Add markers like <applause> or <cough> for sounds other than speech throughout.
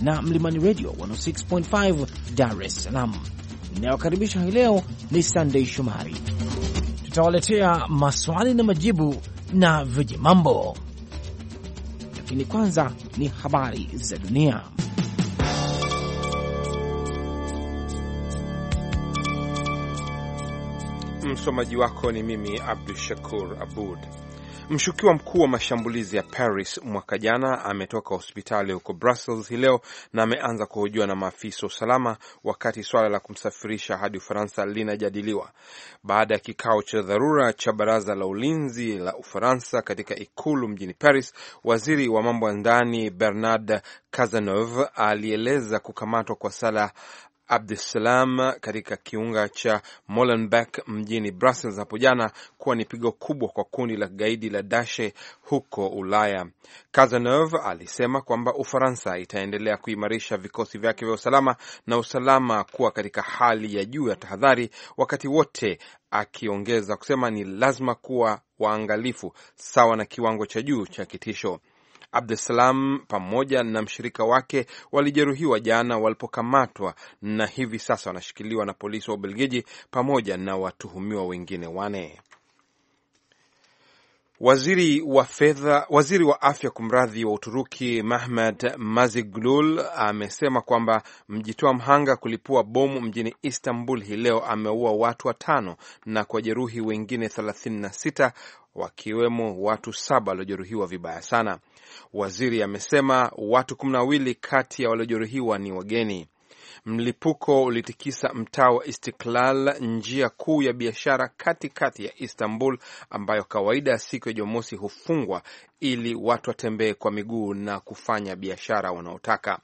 na Mlimani Radio 106.5 Dar es Salaam. Inayokaribisha hii leo ni Sunday Shumari. Tutawaletea maswali na majibu na viji mambo, lakini kwanza ni habari za dunia. Msomaji wako ni mimi Abdu Shakur Abud. Mshukiwa mkuu wa mashambulizi ya Paris mwaka jana ametoka hospitali huko Brussels hii leo na ameanza kuhojiwa na maafisa wa usalama, wakati swala la kumsafirisha hadi Ufaransa linajadiliwa baada ya kikao cha dharura cha baraza la ulinzi la Ufaransa katika ikulu mjini Paris. Waziri wa mambo ya ndani Bernard Cazeneuve alieleza kukamatwa kwa Salah Abdussalam katika kiunga cha Molenbeek mjini Brussels hapo jana kuwa ni pigo kubwa kwa kundi la gaidi la dashe huko Ulaya. Cazeneuve alisema kwamba Ufaransa itaendelea kuimarisha vikosi vyake vya usalama na usalama kuwa katika hali ya juu ya tahadhari wakati wote, akiongeza kusema ni lazima kuwa waangalifu sawa na kiwango cha juu cha kitisho. Abdusalam pamoja na mshirika wake walijeruhiwa jana walipokamatwa na hivi sasa wanashikiliwa na polisi wa Ubelgiji pamoja na watuhumiwa wengine wane. Waziri wa fedha, waziri wa afya kumradhi, wa Uturuki Mahmed Maziglul amesema kwamba mjitoa mhanga kulipua bomu mjini Istanbul hii leo ameua watu watano na jeruhi wengine 36 wakiwemo watu saba waliojeruhiwa vibaya sana. Waziri amesema watu kumi na wawili kati ya waliojeruhiwa ni wageni. Mlipuko ulitikisa mtaa wa Istiklal, njia kuu ya biashara katikati ya Istanbul, ambayo kawaida ya siku ya Jumamosi hufungwa ili watu watembee kwa miguu na kufanya biashara wanaotaka.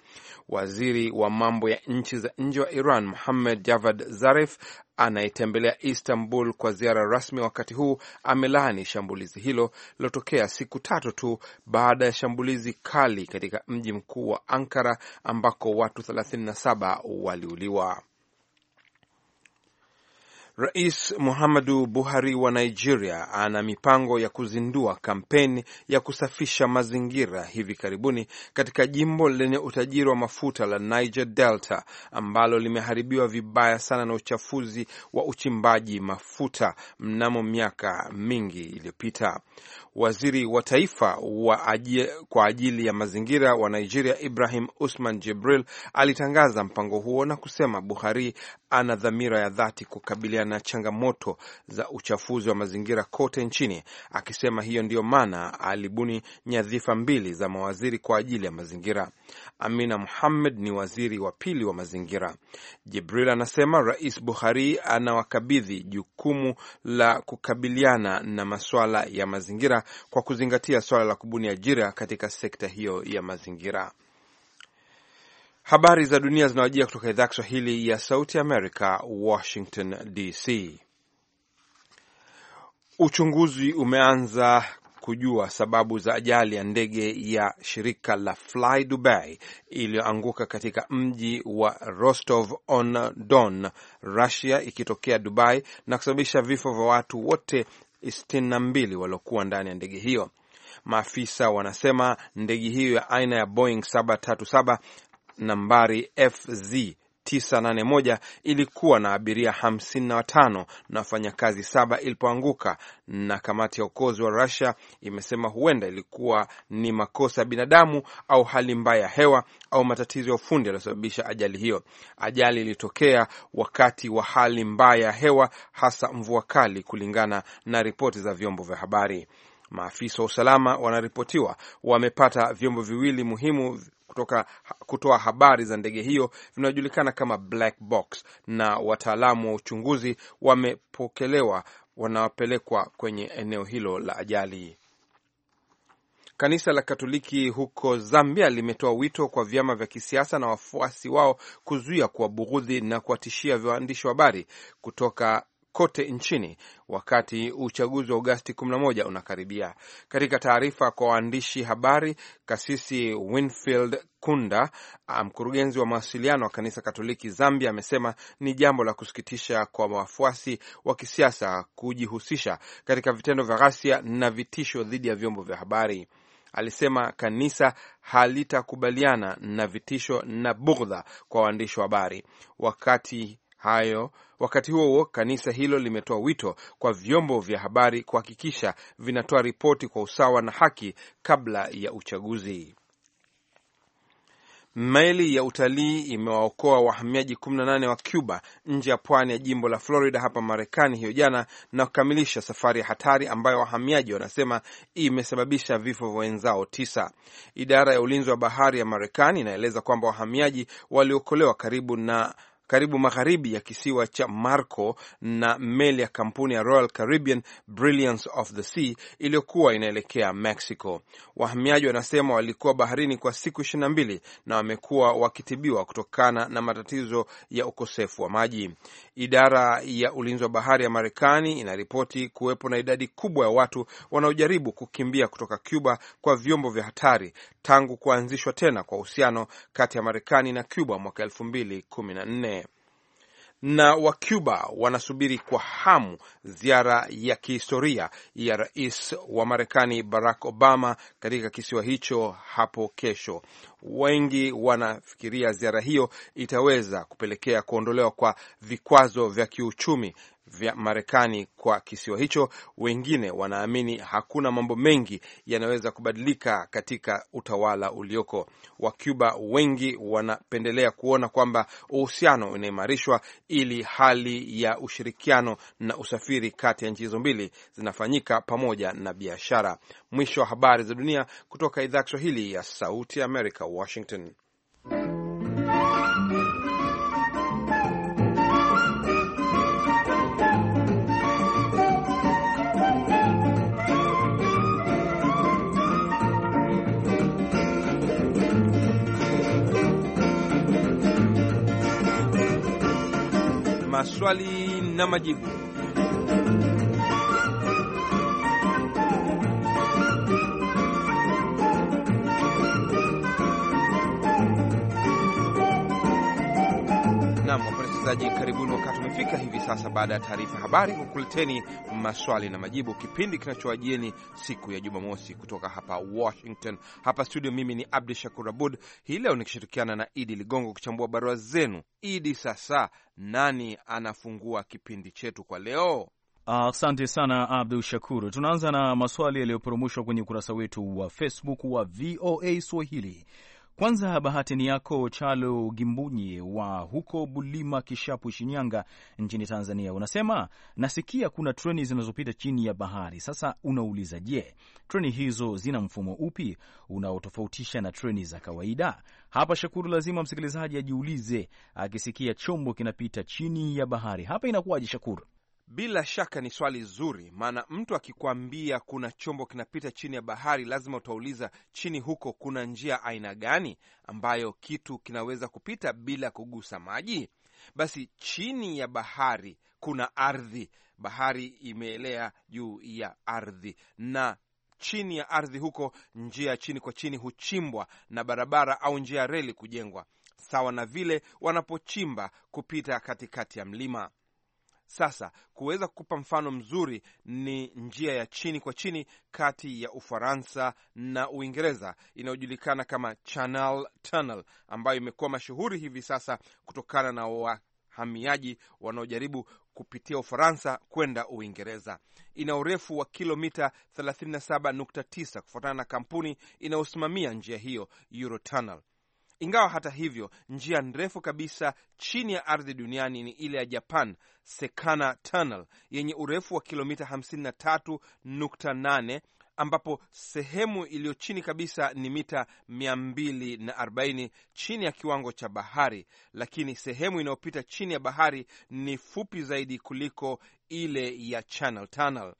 Waziri wa mambo ya nchi za nje wa Iran, Muhammad Javad Zarif, anayetembelea Istanbul kwa ziara rasmi wakati huu amelaani shambulizi hilo lilotokea siku tatu tu baada ya shambulizi kali katika mji mkuu wa Ankara ambako watu 37 waliuliwa. Rais Muhammadu Buhari wa Nigeria ana mipango ya kuzindua kampeni ya kusafisha mazingira hivi karibuni katika jimbo lenye utajiri wa mafuta la Niger Delta ambalo limeharibiwa vibaya sana na uchafuzi wa uchimbaji mafuta mnamo miaka mingi iliyopita waziri wa taifa wa ajie, kwa ajili ya mazingira wa Nigeria Ibrahim Usman Jibril alitangaza mpango huo na kusema Buhari ana dhamira ya dhati kukabiliana na changamoto za uchafuzi wa mazingira kote nchini, akisema hiyo ndiyo maana alibuni nyadhifa mbili za mawaziri kwa ajili ya mazingira. Amina Mohamed ni waziri wa pili wa mazingira. Jibril anasema Rais Buhari anawakabidhi jukumu la kukabiliana na masuala ya mazingira kwa kuzingatia swala la kubuni ajira katika sekta hiyo ya mazingira. Habari za dunia zinawajia kutoka idhaa Kiswahili ya Sauti Amerika, Washington DC. Uchunguzi umeanza kujua sababu za ajali ya ndege ya shirika la Fly Dubai iliyoanguka katika mji wa Rostov on Don, Russia, ikitokea Dubai na kusababisha vifo vya watu wote sitini na mbili waliokuwa ndani ya ndege hiyo. Maafisa wanasema ndege hiyo ya aina ya Boeing 737 nambari FZ 981 ilikuwa na abiria 55 na wafanyakazi saba ilipoanguka, na kamati ya uokozi wa rasia imesema huenda ilikuwa ni makosa ya binadamu au hali mbaya ya hewa au matatizo ya ufundi yaliyosababisha ajali hiyo. Ajali ilitokea wakati wa hali mbaya ya hewa, hasa mvua kali, kulingana na ripoti za vyombo vya habari. Maafisa wa usalama wanaripotiwa wamepata vyombo viwili muhimu kutoka kutoa habari za ndege hiyo vinajulikana kama black box, na wataalamu wa uchunguzi wamepokelewa wanapelekwa kwenye eneo hilo la ajali. Kanisa la Katoliki huko Zambia limetoa wito kwa vyama vya kisiasa na wafuasi wao kuzuia kuwabughudhi na kuwatishia waandishi wa habari kutoka kote nchini wakati uchaguzi wa Agosti 11 unakaribia. Katika taarifa kwa waandishi habari, Kasisi Winfield Kunda, ah, mkurugenzi wa mawasiliano wa kanisa Katoliki Zambia, amesema ni jambo la kusikitisha kwa wafuasi wa kisiasa kujihusisha katika vitendo vya ghasia na vitisho dhidi ya vyombo vya habari. Alisema kanisa halitakubaliana na vitisho na bughdha kwa waandishi wa habari wakati hayo. Wakati huo huo, kanisa hilo limetoa wito kwa vyombo vya habari kuhakikisha vinatoa ripoti kwa usawa na haki kabla ya uchaguzi. Meli ya utalii imewaokoa wahamiaji 18 wa Cuba nje ya pwani ya jimbo la Florida hapa Marekani hiyo jana na kukamilisha safari ya hatari ambayo wahamiaji wanasema imesababisha vifo vya wenzao tisa. Idara ya ulinzi wa bahari ya Marekani inaeleza kwamba wahamiaji waliokolewa karibu na karibu magharibi ya kisiwa cha Marco na meli ya kampuni ya Royal Caribbean Brilliance of the Sea iliyokuwa inaelekea Mexico. Wahamiaji wanasema walikuwa baharini kwa siku ishirini na mbili na wamekuwa wakitibiwa kutokana na matatizo ya ukosefu wa maji. Idara ya ulinzi wa bahari ya Marekani inaripoti kuwepo na idadi kubwa ya watu wanaojaribu kukimbia kutoka Cuba kwa vyombo vya hatari tangu kuanzishwa tena kwa uhusiano kati ya Marekani na Cuba mwaka elfu mbili kumi na nne na wa Cuba wanasubiri kwa hamu ziara ya kihistoria ya rais wa Marekani Barack Obama katika kisiwa hicho hapo kesho. Wengi wanafikiria ziara hiyo itaweza kupelekea kuondolewa kwa vikwazo vya kiuchumi vya Marekani kwa kisiwa hicho. Wengine wanaamini hakuna mambo mengi yanaweza kubadilika katika utawala ulioko. Wacuba wengi wanapendelea kuona kwamba uhusiano unaimarishwa ili hali ya ushirikiano na usafiri kati ya nchi hizo mbili zinafanyika pamoja na biashara. Mwisho wa habari za dunia kutoka idhaa ya Kiswahili ya Sauti ya Amerika, Washington. maswali na majibu. msikilizaji, karibuni. Wakati umefika hivi sasa, baada ya taarifa habari, kukuleteni maswali na majibu, kipindi kinachoajieni siku ya Jumamosi kutoka hapa Washington. Hapa studio, mimi ni Abdu Shakur Abud, hii leo nikishirikiana na Idi Ligongo kuchambua barua zenu. Idi, sasa nani anafungua kipindi chetu kwa leo? Asante uh, sana Abdu Shakur. Tunaanza na maswali yaliyoporomoshwa kwenye ukurasa wetu wa Facebook wa VOA Swahili. Kwanza bahati ni yako Chalo Gimbunyi wa huko Bulima, Kishapu, Shinyanga nchini Tanzania, unasema nasikia kuna treni zinazopita chini ya bahari. Sasa unauliza, je, treni hizo zina mfumo upi unaotofautisha na treni za kawaida? Hapa Shakuru, lazima msikilizaji ajiulize, akisikia chombo kinapita chini ya bahari, hapa inakuwaje? Shakuru bila shaka ni swali zuri, maana mtu akikwambia kuna chombo kinapita chini ya bahari, lazima utauliza chini huko kuna njia aina gani ambayo kitu kinaweza kupita bila kugusa maji? Basi chini ya bahari kuna ardhi, bahari imeelea juu ya ardhi, na chini ya ardhi huko njia chini kwa chini huchimbwa na barabara au njia ya reli kujengwa, sawa na vile wanapochimba kupita katikati ya mlima. Sasa kuweza kukupa mfano mzuri ni njia ya chini kwa chini kati ya Ufaransa na Uingereza inayojulikana kama Channel Tunnel ambayo imekuwa mashuhuri hivi sasa kutokana na wahamiaji wanaojaribu kupitia Ufaransa kwenda Uingereza. Ina urefu wa kilomita 37.9 kufuatana na kampuni inayosimamia njia hiyo Eurotunnel. Ingawa hata hivyo njia ndefu kabisa chini ya ardhi duniani ni ile ya Japan, Sekana Tunnel yenye urefu wa kilomita 53.8 ambapo sehemu iliyo chini kabisa ni mita 240 chini ya kiwango cha bahari, lakini sehemu inayopita chini ya bahari ni fupi zaidi kuliko ile ya Channel Tunnel.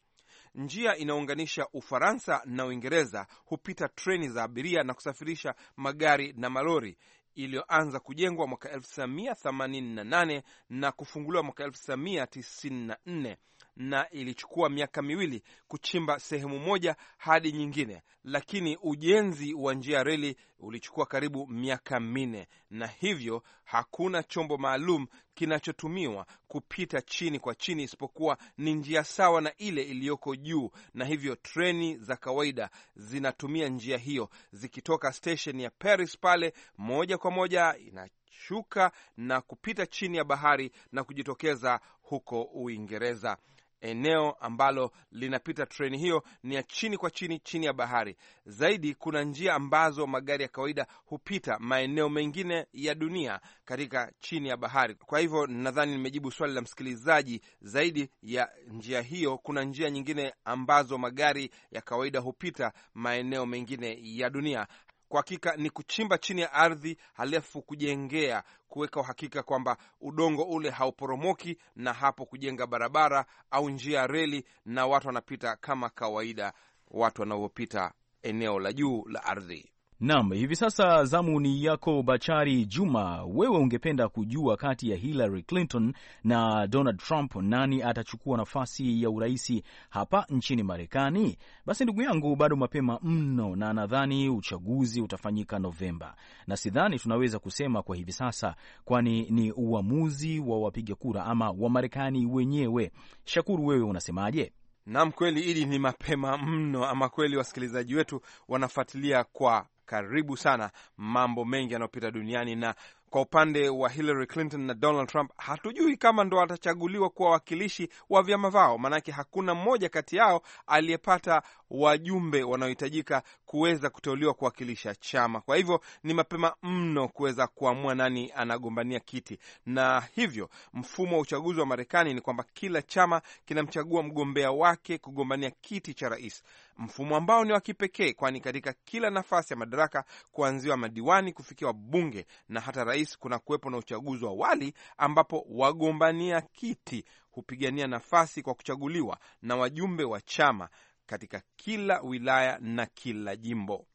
Njia inaunganisha Ufaransa na Uingereza hupita treni za abiria na kusafirisha magari na malori iliyoanza kujengwa mwaka 1988 na kufunguliwa mwaka 1994 na ilichukua miaka miwili kuchimba sehemu moja hadi nyingine, lakini ujenzi wa njia ya reli ulichukua karibu miaka minne, na hivyo hakuna chombo maalum kinachotumiwa kupita chini kwa chini isipokuwa ni njia sawa na ile iliyoko juu, na hivyo treni za kawaida zinatumia njia hiyo zikitoka stesheni ya Paris pale moja kwa moja ina shuka na kupita chini ya bahari na kujitokeza huko Uingereza. Eneo ambalo linapita treni hiyo ni ya chini kwa chini, chini ya bahari zaidi. Kuna njia ambazo magari ya kawaida hupita maeneo mengine ya dunia katika chini ya bahari. Kwa hivyo nadhani nimejibu swali la msikilizaji. Zaidi ya njia hiyo, kuna njia nyingine ambazo magari ya kawaida hupita maeneo mengine ya dunia kwa hakika ni kuchimba chini ya ardhi halafu kujengea, kuweka uhakika kwamba udongo ule hauporomoki, na hapo kujenga barabara au njia ya reli, na watu wanapita kama kawaida, watu wanavyopita eneo la juu la ardhi. Nam, hivi sasa zamu ni yako Bachari Juma. Wewe ungependa kujua kati ya Hillary Clinton na Donald Trump nani atachukua nafasi ya uraisi hapa nchini Marekani? Basi ndugu yangu, bado mapema mno, na nadhani uchaguzi utafanyika Novemba, na sidhani tunaweza kusema kwa hivi sasa, kwani ni uamuzi wa wapiga kura ama Wamarekani wenyewe. Shakuru, wewe unasemaje? Nam, kweli ili ni mapema mno ama kweli, wasikilizaji wetu wanafuatilia kwa karibu sana, mambo mengi yanayopita duniani na kwa upande wa Hillary Clinton na Donald Trump, hatujui kama ndo watachaguliwa kuwa wawakilishi wa vyama vao, maanake hakuna mmoja kati yao aliyepata wajumbe wanaohitajika kuweza kuteuliwa kuwakilisha chama. Kwa hivyo ni mapema mno kuweza kuamua nani anagombania kiti, na hivyo mfumo wa uchaguzi wa Marekani ni kwamba kila chama kinamchagua mgombea wake kugombania kiti cha rais, mfumo ambao ni wa kipekee, kwani katika kila nafasi ya madaraka kuanziwa madiwani kufikia wabunge na hata rais urais kuna kuwepo na uchaguzi wa awali ambapo wagombania kiti hupigania nafasi kwa kuchaguliwa na wajumbe wa chama katika kila wilaya na kila jimbo.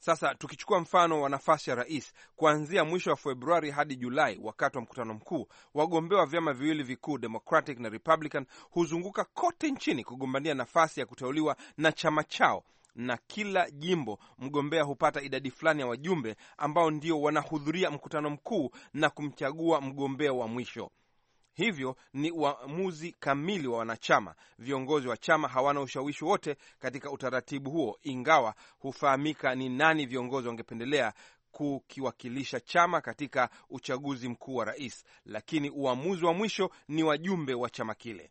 Sasa tukichukua mfano wa nafasi ya rais, kuanzia mwisho wa Februari hadi Julai, wakati wa mkutano mkuu, wagombea wa vyama viwili vikuu Democratic na Republican huzunguka kote nchini kugombania nafasi ya kuteuliwa na chama chao na kila jimbo mgombea hupata idadi fulani ya wajumbe ambao ndio wanahudhuria mkutano mkuu na kumchagua mgombea wa mwisho. Hivyo ni uamuzi kamili wa wanachama. Viongozi wa chama hawana ushawishi wote katika utaratibu huo, ingawa hufahamika ni nani viongozi wangependelea kukiwakilisha chama katika uchaguzi mkuu wa rais, lakini uamuzi wa mwisho ni wajumbe wa chama kile.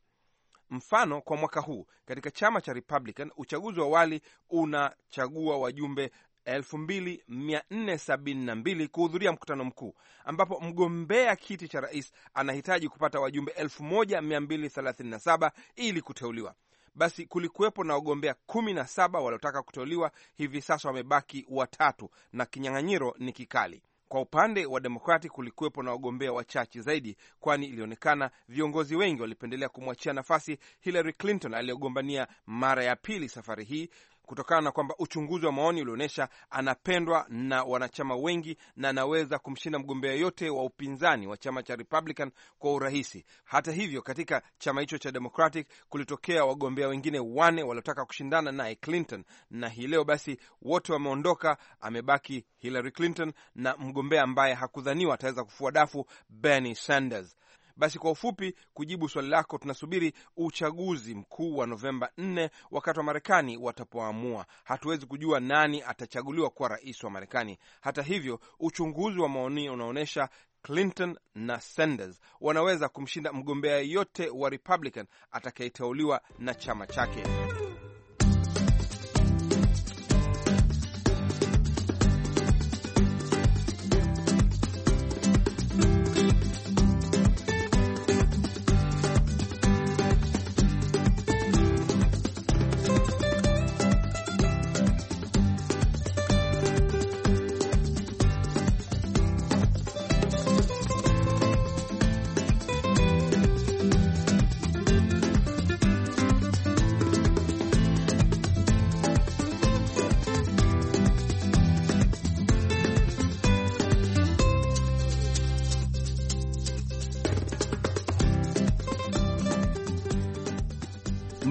Mfano, kwa mwaka huu katika chama cha Republican uchaguzi wa awali unachagua wajumbe 2472 kuhudhuria mkutano mkuu ambapo mgombea kiti cha rais anahitaji kupata wajumbe 1237 ili kuteuliwa. Basi kulikuwepo na wagombea 17 waliotaka kuteuliwa, hivi sasa wamebaki watatu na kinyang'anyiro ni kikali. Kwa upande wa Demokrati kulikuwepo na wagombea wachache zaidi, kwani ilionekana viongozi wengi walipendelea kumwachia nafasi Hillary Clinton aliyogombania mara ya pili safari hii kutokana na kwamba uchunguzi wa maoni ulionyesha anapendwa na wanachama wengi na anaweza kumshinda mgombea yote wa upinzani wa chama cha Republican kwa urahisi. Hata hivyo, katika chama hicho cha Democratic kulitokea wagombea wengine wane waliotaka kushindana naye Clinton, na hii leo basi wote wameondoka. Amebaki Hillary Clinton na mgombea ambaye hakudhaniwa ataweza kufua dafu, Bernie Sanders. Basi kwa ufupi kujibu swali lako, tunasubiri uchaguzi mkuu wa Novemba 4 wakati wa Marekani watapoamua. Hatuwezi kujua nani atachaguliwa kuwa rais wa Marekani. Hata hivyo, uchunguzi wa maoni unaonyesha Clinton na Sanders wanaweza kumshinda mgombea yote wa Republican atakayeteuliwa na chama chake.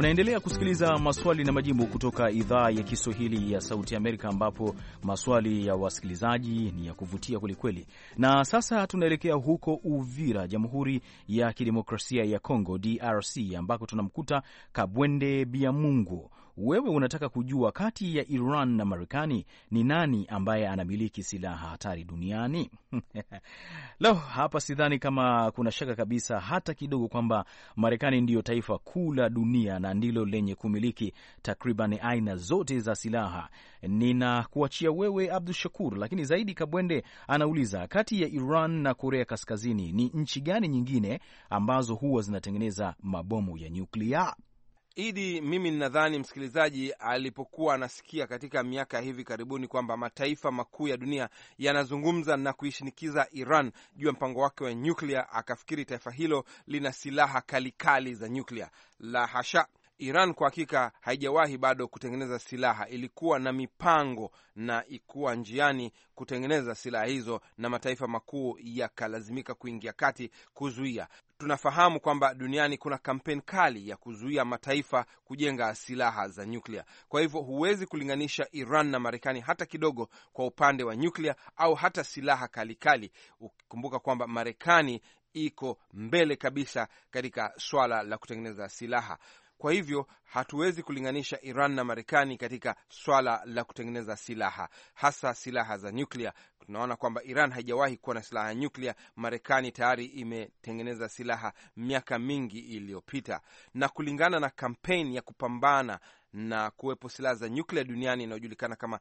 Mnaendelea kusikiliza maswali na majibu kutoka idhaa ya Kiswahili ya Sauti Amerika, ambapo maswali ya wasikilizaji ni ya kuvutia kwelikweli. Na sasa tunaelekea huko Uvira, Jamhuri ya Kidemokrasia ya congo DRC, ambako tunamkuta Kabwende Biamungu wewe unataka kujua kati ya Iran na Marekani ni nani ambaye anamiliki silaha hatari duniani? <laughs> Lo, hapa sidhani kama kuna shaka kabisa hata kidogo kwamba Marekani ndiyo taifa kuu la dunia na ndilo lenye kumiliki takriban aina zote za silaha. Ninakuachia wewe Abdu Shakur, lakini zaidi Kabwende anauliza kati ya Iran na Korea Kaskazini ni nchi gani nyingine ambazo huwa zinatengeneza mabomu ya nyuklia? Idi, mimi ninadhani msikilizaji alipokuwa anasikia katika miaka ya hivi karibuni kwamba mataifa makuu ya dunia yanazungumza na kuishinikiza Iran juu ya mpango wake wa nyuklia, akafikiri taifa hilo lina silaha kalikali za nyuklia. La hasha! Iran kwa hakika haijawahi bado kutengeneza silaha. Ilikuwa na mipango na ikuwa njiani kutengeneza silaha hizo, na mataifa makuu yakalazimika kuingia kati kuzuia tunafahamu kwamba duniani kuna kampeni kali ya kuzuia mataifa kujenga silaha za nyuklia. Kwa hivyo huwezi kulinganisha Iran na Marekani hata kidogo kwa upande wa nyuklia au hata silaha kalikali, ukikumbuka kwamba Marekani iko mbele kabisa katika swala la kutengeneza silaha. Kwa hivyo hatuwezi kulinganisha Iran na Marekani katika swala la kutengeneza silaha, hasa silaha za nyuklia. Tunaona kwamba Iran haijawahi kuwa na silaha ya nyuklia. Marekani tayari imetengeneza silaha miaka mingi iliyopita, na kulingana na kampeni ya kupambana na kuwepo silaha za nyuklia duniani inayojulikana kama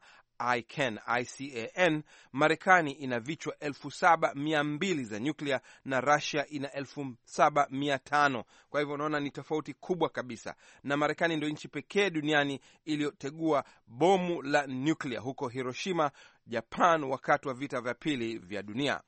ICAN, ICAN. Marekani ina vichwa elfu saba mia mbili za nyuklia na rasia ina elfu saba mia tano. Kwa hivyo unaona ni tofauti kubwa kabisa, na Marekani ndio nchi pekee duniani iliyotegua bomu la nyuklia huko Hiroshima, Japan, wakati wa vita vya pili vya dunia.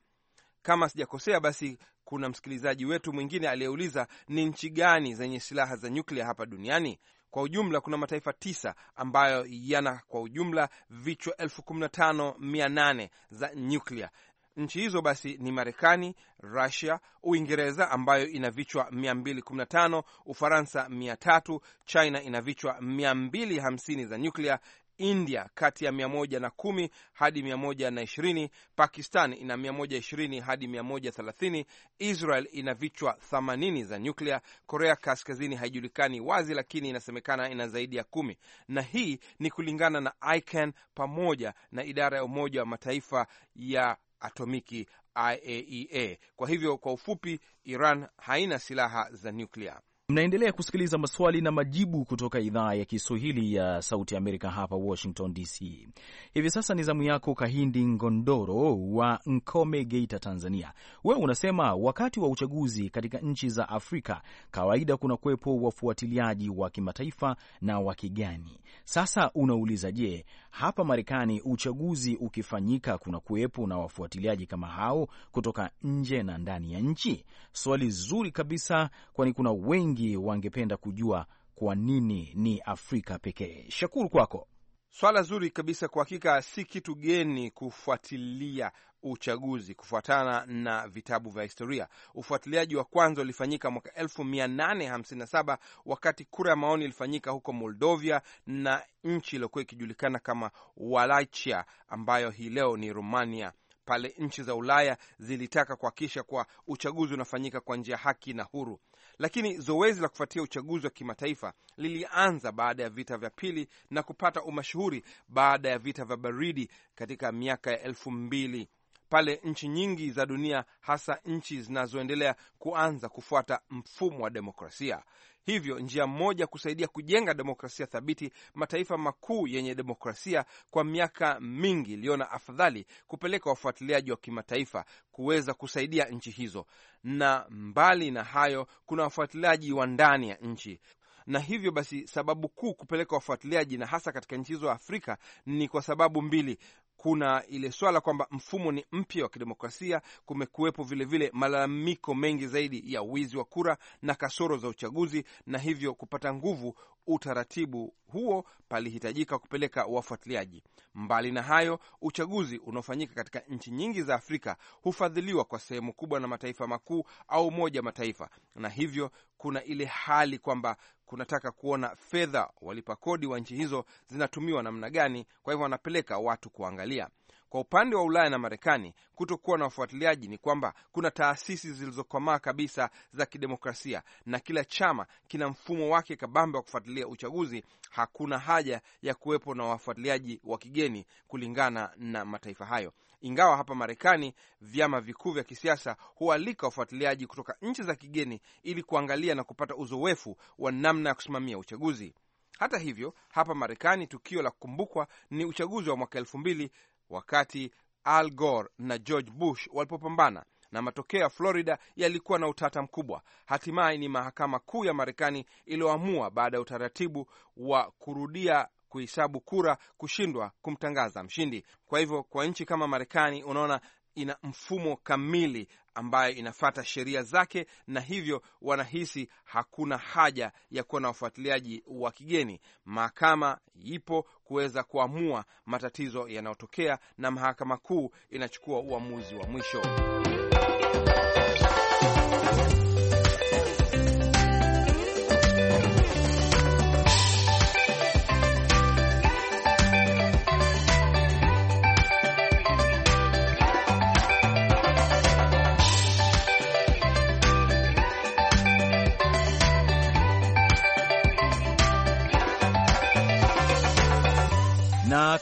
Kama sijakosea, basi kuna msikilizaji wetu mwingine aliyeuliza ni nchi gani zenye silaha za nyuklia hapa duniani. Kwa ujumla kuna mataifa tisa ambayo yana kwa ujumla vichwa elfu kumi na tano mia nane za nyuklia. Nchi hizo basi ni Marekani, Rusia, Uingereza ambayo ina vichwa 215, Ufaransa 300, China ina vichwa 250 za nyuklia, India kati ya 110 hadi 120, Pakistan ina 120 hadi 130, Israel ina vichwa 80 za nyuklia, Korea Kaskazini haijulikani wazi, lakini inasemekana ina zaidi ya kumi, na hii ni kulingana na ICAN pamoja na idara ya Umoja wa Mataifa ya atomiki IAEA. E kwa hivyo, kwa ufupi, Iran haina silaha za nyuklia. Mnaendelea kusikiliza maswali na majibu kutoka idhaa ya Kiswahili ya Sauti ya Amerika hapa Washington DC. Hivi sasa ni zamu yako Kahindi Ngondoro wa Nkome, Geita, Tanzania. Wewe unasema wakati wa uchaguzi katika nchi za Afrika kawaida kuna kuwepo wafuatiliaji wa kimataifa na wa kigeni. Sasa unauliza, je, hapa Marekani uchaguzi ukifanyika kuna kuwepo na wafuatiliaji kama hao kutoka nje na ndani ya nchi? Swali zuri kabisa, kwani kuna wengi wengi wangependa kujua kwa nini ni Afrika pekee. Shakuru kwako. Swala zuri kabisa. Kwa hakika si kitu geni kufuatilia uchaguzi kufuatana na vitabu vya historia. Ufuatiliaji wa kwanza ulifanyika mwaka 1857 wakati kura ya maoni ilifanyika huko Moldovia na nchi iliyokuwa ikijulikana kama Walachia ambayo hii leo ni Romania. Pale nchi za Ulaya zilitaka kuhakikisha kwa uchaguzi unafanyika kwa njia haki na huru. Lakini zoezi la kufuatia uchaguzi wa kimataifa lilianza baada ya vita vya pili na kupata umashuhuri baada ya vita vya baridi katika miaka ya elfu mbili pale nchi nyingi za dunia, hasa nchi zinazoendelea, kuanza kufuata mfumo wa demokrasia. Hivyo njia moja kusaidia kujenga demokrasia thabiti, mataifa makuu yenye demokrasia kwa miaka mingi iliona afadhali kupeleka wafuatiliaji wa kimataifa kuweza kusaidia nchi hizo, na mbali na hayo, kuna wafuatiliaji wa ndani ya nchi na hivyo basi sababu kuu kupeleka wafuatiliaji na hasa katika nchi hizo Afrika ni kwa sababu mbili kuna ile swala kwamba mfumo ni mpya wa kidemokrasia. Kumekuwepo vilevile malalamiko mengi zaidi ya wizi wa kura na kasoro za uchaguzi, na hivyo kupata nguvu utaratibu huo palihitajika kupeleka wafuatiliaji mbali. Na hayo, uchaguzi unaofanyika katika nchi nyingi za Afrika hufadhiliwa kwa sehemu kubwa na mataifa makuu au Umoja Mataifa, na hivyo kuna ile hali kwamba kunataka kuona fedha walipa kodi wa nchi hizo zinatumiwa namna gani. Kwa hivyo wanapeleka watu kuangalia. Kwa upande wa Ulaya na Marekani, kutokuwa na wafuatiliaji ni kwamba kuna taasisi zilizokomaa kabisa za kidemokrasia na kila chama kina mfumo wake kabambe wa kufuatilia uchaguzi. Hakuna haja ya kuwepo na wafuatiliaji wa kigeni kulingana na mataifa hayo ingawa hapa Marekani vyama vikuu vya kisiasa hualika wafuatiliaji kutoka nchi za kigeni ili kuangalia na kupata uzoefu wa namna ya kusimamia uchaguzi. Hata hivyo, hapa Marekani tukio la kukumbukwa ni uchaguzi wa mwaka elfu mbili wakati Al Gore na George Bush walipopambana na matokeo ya Florida yalikuwa na utata mkubwa. Hatimaye ni mahakama kuu ya Marekani iliyoamua baada ya utaratibu wa kurudia kuhesabu kura kushindwa kumtangaza mshindi. Kwa hivyo kwa nchi kama Marekani, unaona ina mfumo kamili ambayo inafata sheria zake, na hivyo wanahisi hakuna haja ya kuwa na wafuatiliaji wa kigeni. Mahakama ipo kuweza kuamua matatizo yanayotokea, na mahakama kuu inachukua uamuzi wa mwisho.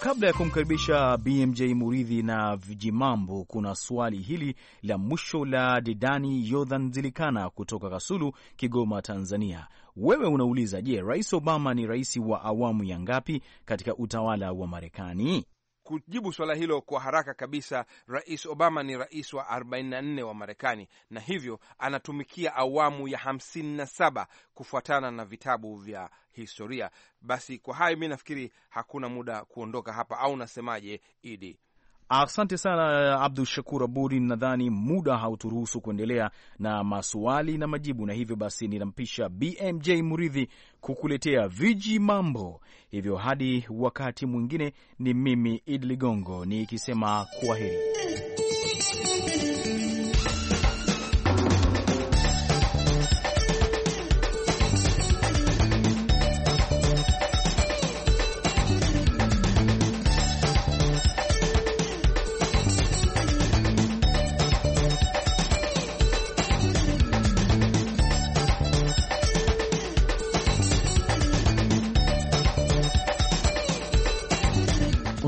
kabla ya kumkaribisha BMJ Muridhi na Vijimambo, kuna swali hili la mwisho la Didani Yodhan Zilikana kutoka Kasulu, Kigoma, Tanzania. Wewe unauliza, je, Rais Obama ni rais wa awamu ya ngapi katika utawala wa Marekani? kujibu swala hilo kwa haraka kabisa. Rais Obama ni rais wa 44 wa Marekani na hivyo anatumikia awamu ya 57 kufuatana na vitabu vya historia. Basi kwa hayo, mi nafikiri hakuna muda kuondoka hapa, au nasemaje, Idi? Asante sana Abdu Shakur Abudi, nadhani muda hauturuhusu kuendelea na maswali na majibu, na hivyo basi ninampisha BMJ Muridhi kukuletea viji mambo. Hivyo hadi wakati mwingine, ni mimi Idi Ligongo nikisema kwaheri.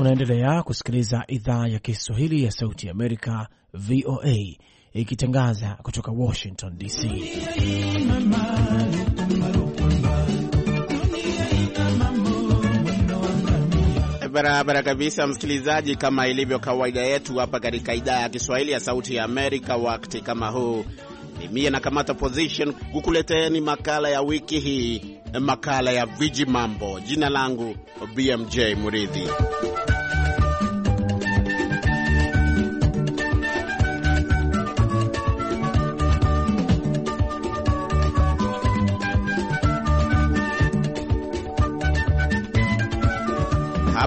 Unaendelea kusikiliza idhaa ya Kiswahili ya Sauti ya Amerika, VOA, ikitangaza kutoka Washington DC. Barabara kabisa, msikilizaji. Kama ilivyo kawaida yetu hapa katika idhaa ya Kiswahili ya Sauti ya Amerika, wakati kama huu ni mie kamata position kukuleteeni makala ya wiki hii, makala ya viji mambo. Jina langu BMJ Muridhi.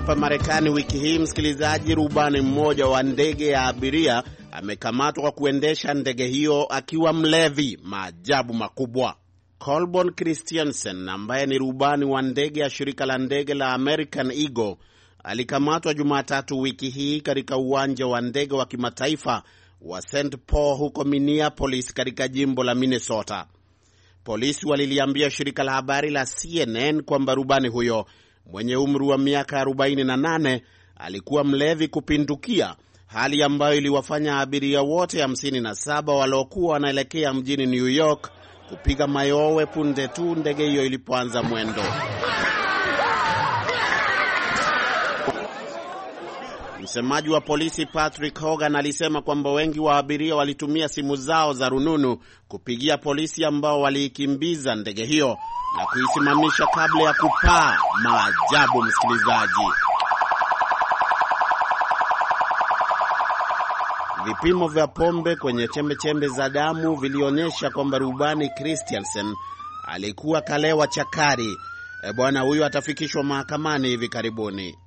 hapa Marekani wiki hii, msikilizaji, rubani mmoja wa ndege ya abiria amekamatwa kwa kuendesha ndege hiyo akiwa mlevi. Maajabu makubwa! Colborn Christiansen ambaye ni rubani wa ndege ya shirika la ndege la American Eagle alikamatwa Jumatatu wiki hii katika uwanja wa ndege wa kimataifa wa St Paul huko Minneapolis katika jimbo la Minnesota. Polisi waliliambia shirika la habari la CNN kwamba rubani huyo mwenye umri wa miaka 48 alikuwa mlevi kupindukia, hali ambayo iliwafanya abiria wote 57 waliokuwa wanaelekea mjini New York kupiga mayowe punde tu ndege hiyo ilipoanza mwendo. Msemaji wa polisi Patrick Hogan alisema kwamba wengi wa abiria walitumia simu zao za rununu kupigia polisi ambao waliikimbiza ndege hiyo na kuisimamisha kabla ya kupaa. Maajabu, msikilizaji. Vipimo vya pombe kwenye chembechembe za damu vilionyesha kwamba rubani Christiansen alikuwa kalewa chakari. E, bwana huyu atafikishwa mahakamani hivi karibuni.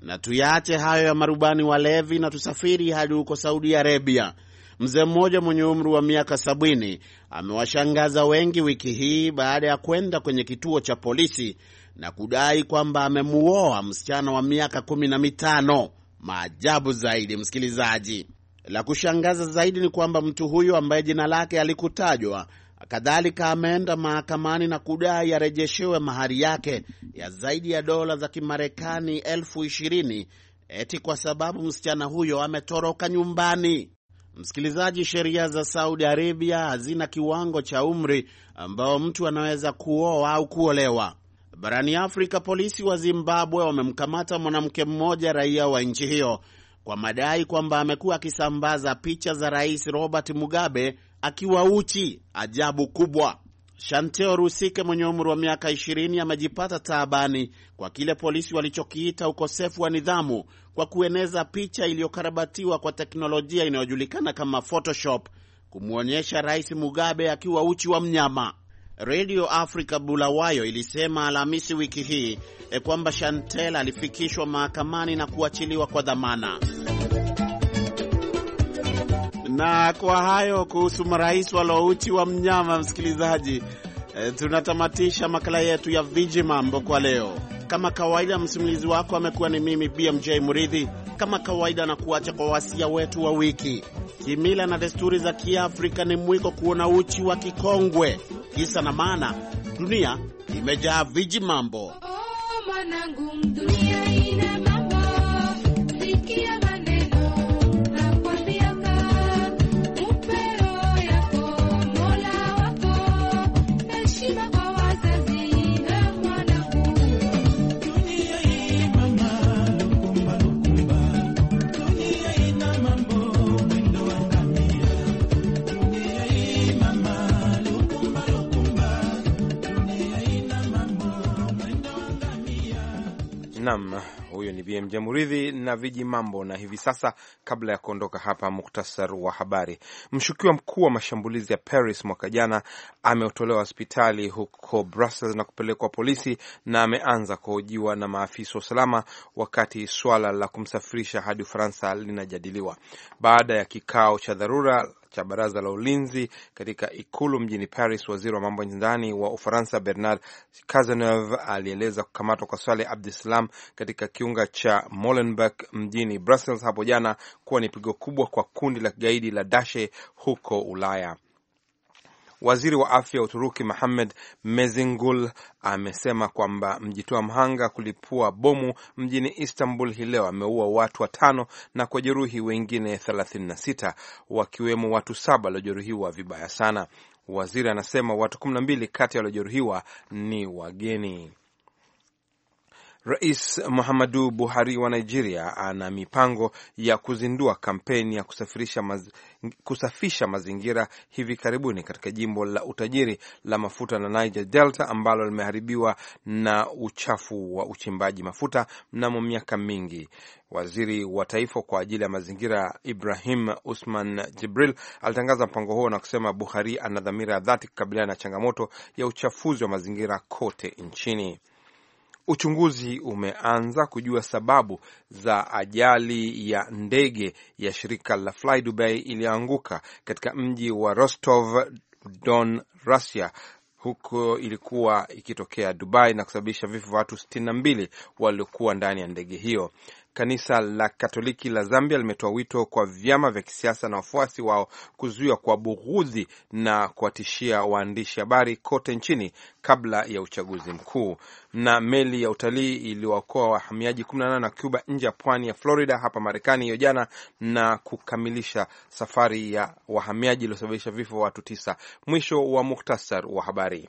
Na tuyaache hayo ya marubani walevi na tusafiri hadi huko Saudi Arabia mzee mmoja mwenye umri wa miaka sabini amewashangaza wengi wiki hii baada ya kwenda kwenye kituo cha polisi na kudai kwamba amemuoa msichana wa miaka kumi na mitano. Maajabu zaidi, msikilizaji, la kushangaza zaidi ni kwamba mtu huyo ambaye jina lake alikutajwa kadhalika ameenda mahakamani na kudai arejeshewe mahari yake ya zaidi ya dola za Kimarekani elfu ishirini eti kwa sababu msichana huyo ametoroka nyumbani. Msikilizaji, sheria za Saudi Arabia hazina kiwango cha umri ambao mtu anaweza kuoa au kuolewa. Barani Afrika, polisi wa Zimbabwe wamemkamata mwanamke mmoja, raia wa nchi hiyo kwa madai kwamba amekuwa akisambaza picha za Rais Robert Mugabe akiwa uchi. Ajabu kubwa! Shanteo Rusike mwenye umri wa miaka 20 amejipata taabani kwa kile polisi walichokiita ukosefu wa nidhamu kwa kueneza picha iliyokarabatiwa kwa teknolojia inayojulikana kama Photoshop kumwonyesha Rais Mugabe akiwa uchi wa mnyama. Radio Africa Bulawayo ilisema Alhamisi wiki hii eh, kwamba shantel alifikishwa mahakamani na kuachiliwa kwa dhamana. Na kwa hayo kuhusu marais walouchi wa mnyama, msikilizaji, e, tunatamatisha makala yetu ya viji mambo kwa leo. Kama kawaida, msimulizi wako amekuwa ni mimi BMJ Muridhi. Kama kawaida, na kuacha kwa wasia wetu wa wiki. Kimila na desturi za Kiafrika ni mwiko kuona uchi wa kikongwe. Kisa na maana, dunia imejaa viji mambo. Oh, Naam, huyo ni BMJ Muridhi na Viji Mambo. Na hivi sasa, kabla ya kuondoka hapa, muktasar wa habari. Mshukiwa mkuu wa mashambulizi ya Paris mwaka jana ametolewa hospitali huko Brussels na kupelekwa polisi na ameanza kuhojiwa na maafisa wa usalama, wakati swala la kumsafirisha hadi Ufaransa linajadiliwa baada ya kikao cha dharura cha baraza la ulinzi katika ikulu mjini Paris, waziri wa mambo ndani wa Ufaransa Bernard Cazeneuve alieleza kukamatwa kwa swale Abdeslam katika kiunga cha Molenbeek mjini Brussels hapo jana kuwa ni pigo kubwa kwa kundi la kigaidi la Daesh huko Ulaya. Waziri wa afya wa Uturuki Mohamed Mezingul amesema kwamba mjitoa mhanga kulipua bomu mjini Istanbul hii leo ameua watu watano na kujeruhi wengine 36 wakiwemo watu saba waliojeruhiwa vibaya sana. Waziri anasema watu 12 kati ya waliojeruhiwa ni wageni. Rais Muhammadu Buhari wa Nigeria ana mipango ya kuzindua kampeni ya maz... kusafisha mazingira hivi karibuni katika jimbo la utajiri la mafuta la Niger Delta ambalo limeharibiwa na uchafu wa uchimbaji mafuta mnamo miaka mingi. Waziri wa taifa kwa ajili ya mazingira Ibrahim Usman Jibril alitangaza mpango huo na kusema Buhari ana dhamira ya dhati kukabiliana na changamoto ya uchafuzi wa mazingira kote nchini. Uchunguzi umeanza kujua sababu za ajali ya ndege ya shirika la flydubay iliyoanguka katika mji wa Rostov Don, Russia huko ilikuwa ikitokea Dubai na kusababisha vifo vya watu mbili waliokuwa ndani ya ndege hiyo. Kanisa la Katoliki la Zambia limetoa wito kwa vyama vya kisiasa na wafuasi wao kuzuia kwa bughudhi na kuwatishia waandishi habari kote nchini kabla ya uchaguzi mkuu. Na meli ya utalii iliwaokoa wahamiaji 18 wa Cuba nje ya pwani ya Florida hapa Marekani hiyo jana na kukamilisha safari ya wahamiaji iliyosababisha vifo watu tisa. Mwisho wa muktasar wa habari.